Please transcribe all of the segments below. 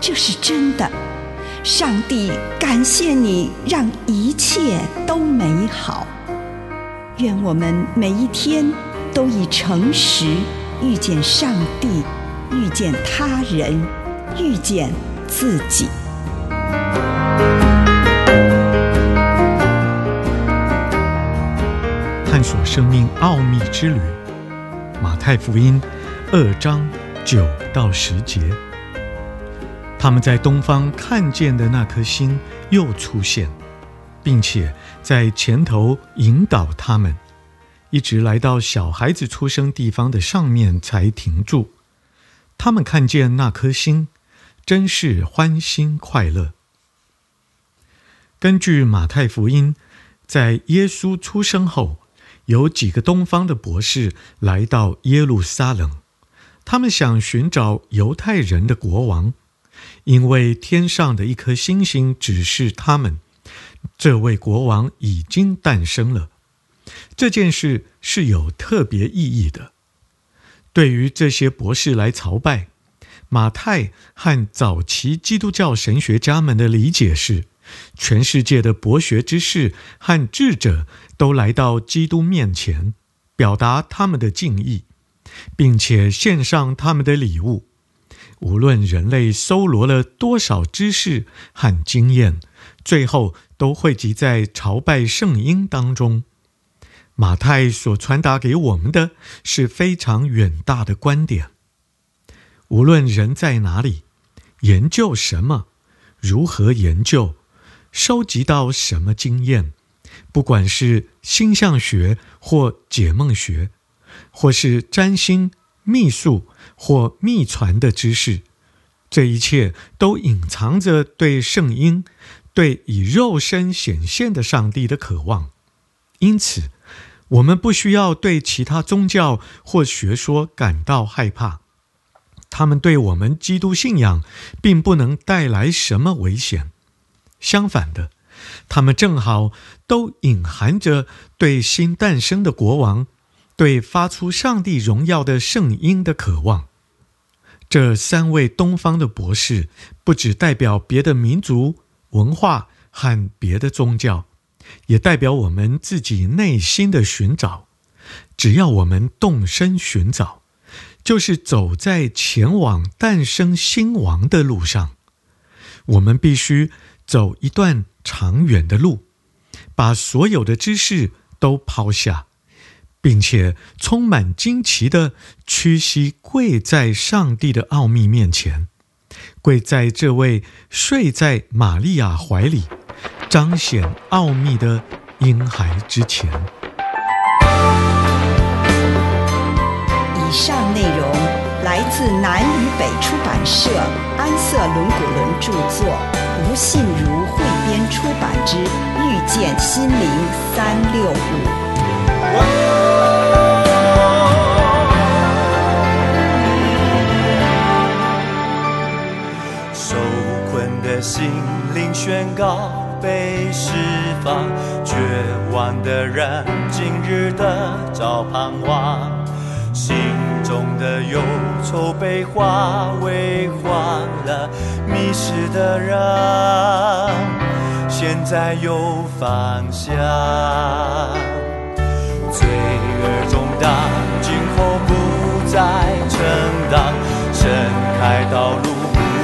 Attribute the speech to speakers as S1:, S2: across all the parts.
S1: 這是真的，上帝感謝你讓一切都美好。願我們每一天都以誠實遇見上帝，遇見他人，遇見自
S2: 己。探索生命奧祕之旅，《馬太福音》二章九到十節。他們在東方看見的那顆星又出現，並且在前頭引導他們，一直來到小孩子出生地方的上面才停住。他們看見那顆星，真是歡欣快樂。根據馬太福音，在耶穌出生後，有幾個東方的博士來到耶路撒冷，他們想尋找猶太人的國王。因為天上的一顆星星指示他們，這位國王已經誕生了。這件事是有特別意義的。對於這些博士來朝拜，馬太和早期基督教神學家們的理解是：全世界的博學之士和智者都來到基督面前，表達他們的敬意，並且獻上他們的禮物。無論人類搜羅了多少知識和經驗，最後都匯集在朝拜聖嬰當中。馬太所傳達給我們的是非常遠大的觀點。無論人在哪裡，研究什麼，如何研究，收集到什麼經驗，不管是星象學或解夢學，或是占星祕術。或祕傳的知識，這一切都隱藏着對聖嬰、對以肉身顯現的上帝的渴望。因此，我們不需要對其他宗教或學說感到害怕，他們對我們基督信仰並不能帶來什麼危險。相反的，他們正好都隱含着對新誕生的國王，對發出上帝榮耀的聖音的渴望，這三位東方的博士，不只代表別的民族文化和別的宗教，也代表我們自己內心的尋找。只要我們動身尋找，就是走在前往誕生新王的路上。我們必須走一段長遠的路，把所有的知識都拋下。並且充滿驚奇地屈膝跪在上帝的奧祕面前，跪在這位睡在瑪利亞懷裡、彰顯奧祕的嬰孩之前。
S1: 以上內容來自南與北出版社安瑟倫古倫著作，吳信如彙編出版之《遇見心靈三六五》。
S2: 心靈宣告被釋放，絕望的人今日得着盼望，心中的憂愁被化為歡樂，迷失的人現在有方向，罪惡重擔，今後不再承擔，盛開道路。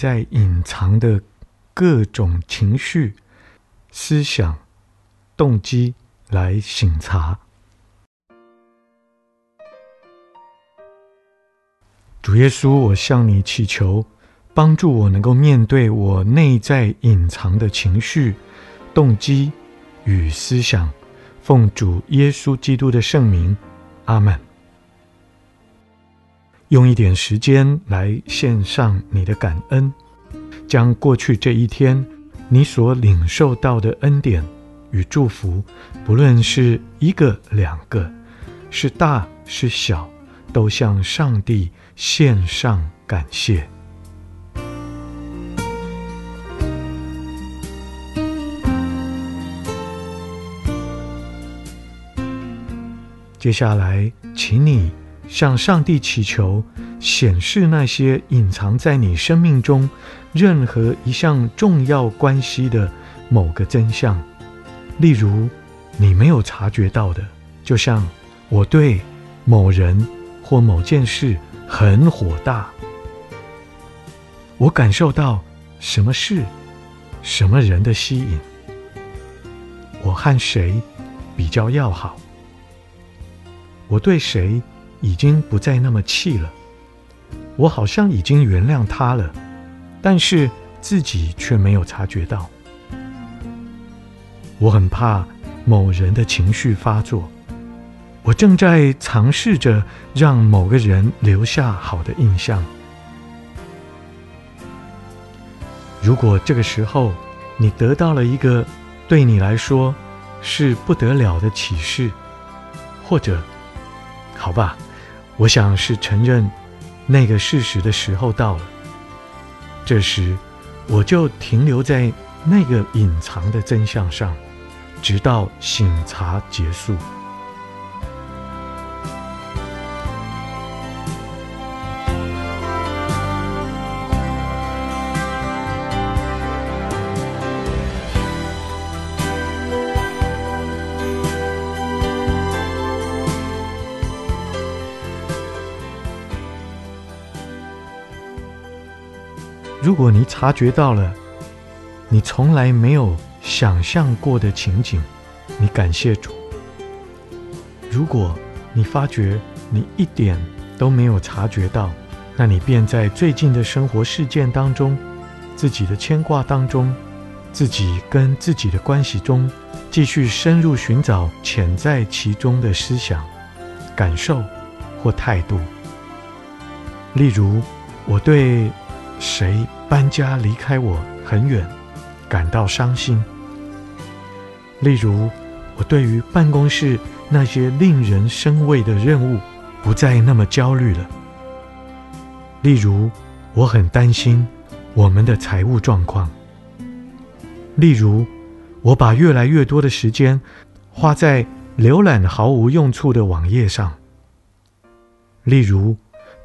S2: 在隱藏的各種情緒、思想、動機來省察。主耶穌，我向你祈求，幫助我能夠面對我內在隱藏的情緒、動機與思想。奉主耶穌基督的聖名，阿門。用一點時間來獻上你的感恩，將過去這一天你所領受到的恩典與祝福，不論是一個兩個，是大是小，都向上帝獻上感謝。接下來請你。向上帝祈求，顯示那些隱藏在你生命中任何一項重要關係的某個真相，例如你沒有察覺到的，就像我對某人或某件事很火大，我感受到什麼事，什麼人的吸引，我和誰比較要好，我對誰。已經不再那麼氣了，我好像已經原諒他了，但是自己卻沒有察覺到。我很怕某人的情緒發作，我正在嘗試着讓某個人留下好的印象。如果這個時候你得到了一個對你來說是不得了的啟示，或者，好吧。我想是承認那個事實的時候到了。這時，我就停留在那個隱藏的真相上，直到省察結束。如果你察覺到了你從來沒有想象過的情景，你感謝主。如果你發覺你一點都沒有察覺到，那你便在最近的生活事件當中、自己的牽掛當中、自己跟自己的關係中，繼續深入尋找潛在其中的思想、感受或態度。例如，我對。誰搬家離開我很遠，感到傷心。例如，我對於辦公室那些令人生畏的任務不再那麼焦慮了。例如，我很擔心我們的財務狀況。例如，我把越來越多的時間花在瀏覽毫無用處的網頁上。例如。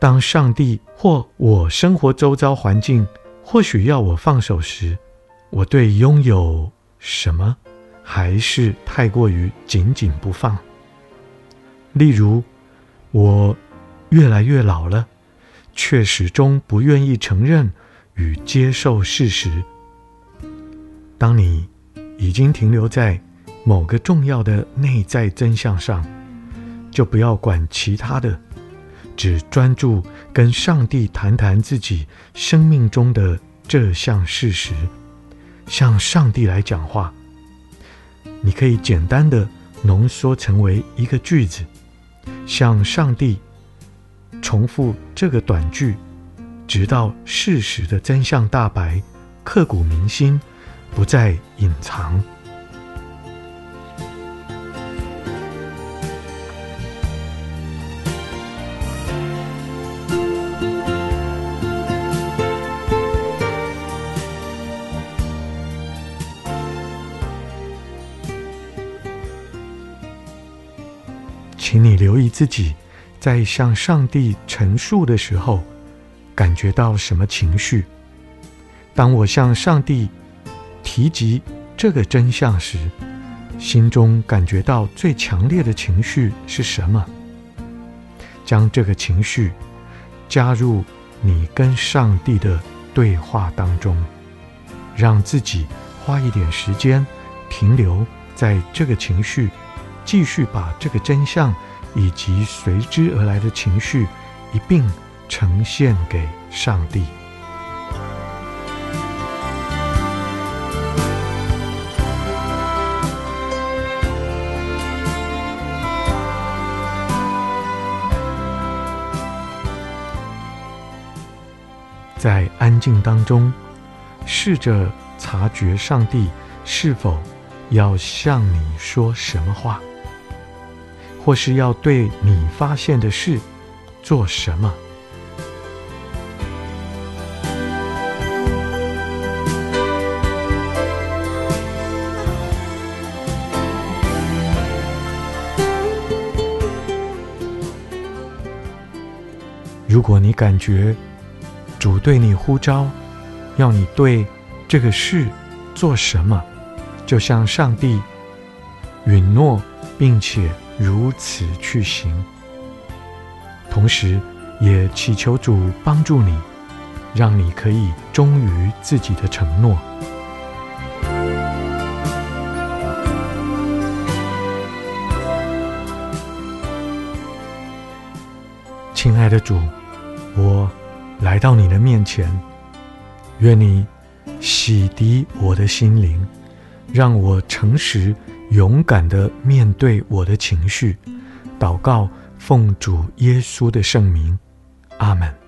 S2: 當上帝或我生活周遭環境或許要我放手時，我對擁有什麼還是太過於緊緊不放。例如，我越來越老了，卻始終不願意承認與接受事實。當你已經停留在某個重要的內在真相上，就不要管其他的。只專注跟上帝談談自己生命中的這項事實，向上帝來講話。你可以簡單的濃縮成為一個句子，向上帝重複這個短句，直到事實的真相大白，刻骨銘心，不再隱藏。請你留意自己在向上帝陳述的時候，感覺到什麼情緒。當我向上帝提及這個真相時，心中感覺到最強烈的情緒是什麼？將這個情緒加入你跟上帝的對話當中，讓自己花一點時間停留在這個情緒。繼續把這個真相以及隨之而來的情緒一併呈現給上帝。在安靜當中，試着察覺上帝是否要向你說什麼話。或是要對你發現的事做什麼？如果你感覺主對你呼召，要你對這個事做什麼，就向上帝允諾，並且。如此去行，同時也祈求主幫助你，讓你可以忠於自己的承諾。親愛的主，我來到你的面前，願你洗滌我的心靈，讓我誠實勇敢地面對我的情緒，禱告，奉主耶穌的聖名，阿門。